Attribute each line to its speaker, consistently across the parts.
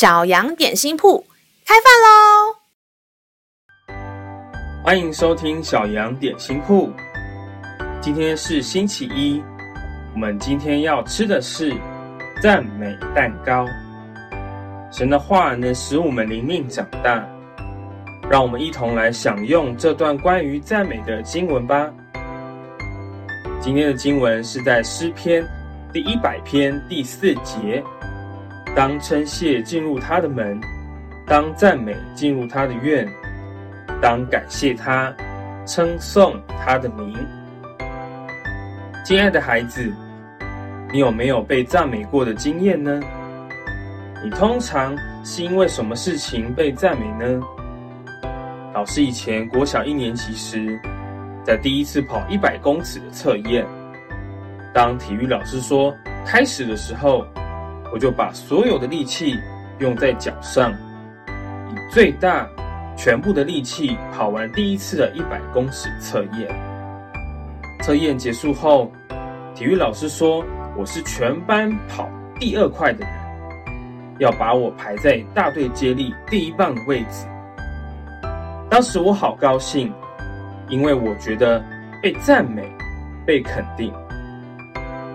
Speaker 1: 小羊點心鋪開飯嘍！歡迎收聽小羊點心鋪。今天是星期一，我們今天要吃的是讚美蛋糕。神的話能使我們靈命長大，讓我們一同來享用這段關於讚美的經文吧。今天的經文是在詩篇第一百篇第四節。當稱謝進入他的門，當讚美進入他的院，當感謝他，稱頌他的名。親愛的孩子，你有沒有被讚美過的經驗呢？你通常是因為什麼事情被讚美呢？老師以前國小一年級時，在第一次跑一百公尺的測驗，當體育老師說開始的時候，我就把所有的力氣用在腳上，以最大、全部的力氣跑完第一次的一百公尺測驗。測驗結束後，體育老師說我是全班跑第二快的人，要把我排在大隊接力第一棒的位置。當時我好高興，因為我覺得被讚美、被肯定，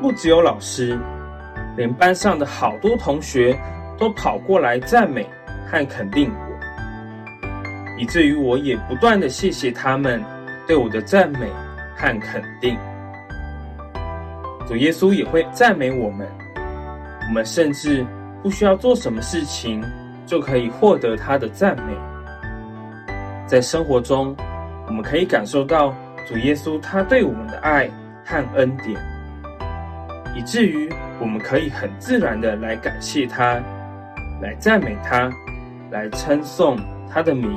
Speaker 1: 不只有老師。連班上的好多同學都跑過來讚美和肯定我，以至於我也不斷的謝謝他們對我的讚美和肯定。主耶穌也會讚美我們，我們甚至不需要做什麼事情就可以獲得他的讚美。在生活中，我們可以感受到主耶穌他對我們的愛和恩典。以至於我們可以很自然的來感謝他，來讚美他，來稱頌他的名。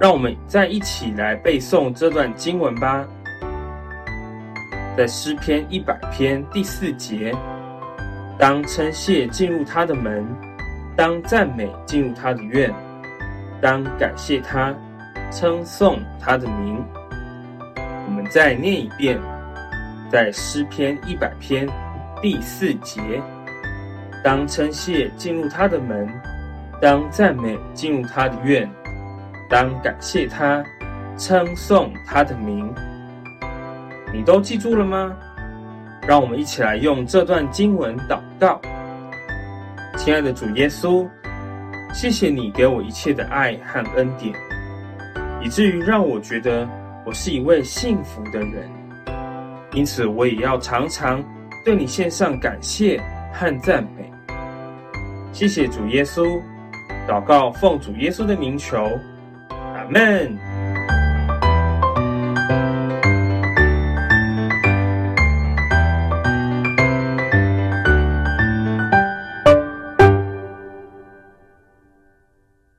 Speaker 1: 讓我們再一起來背誦這段經文吧。在詩篇一百篇第四節，當稱謝進入他的門，當讚美進入他的院，當感謝他，稱頌他的名。我們再念一遍。在詩篇一百篇第四節，當稱謝進入他的門，當讚美進入他的院，當感謝他，稱頌他的名，你都記住了嗎？讓我們一起來用這段經文禱告。親愛的主耶穌，謝謝你給我一切的愛和恩典，以至於讓我覺得我是一位幸福的人。因此，我也要常常對你獻上感謝和讚美。謝謝主耶穌，禱告奉主耶穌的名求，阿門。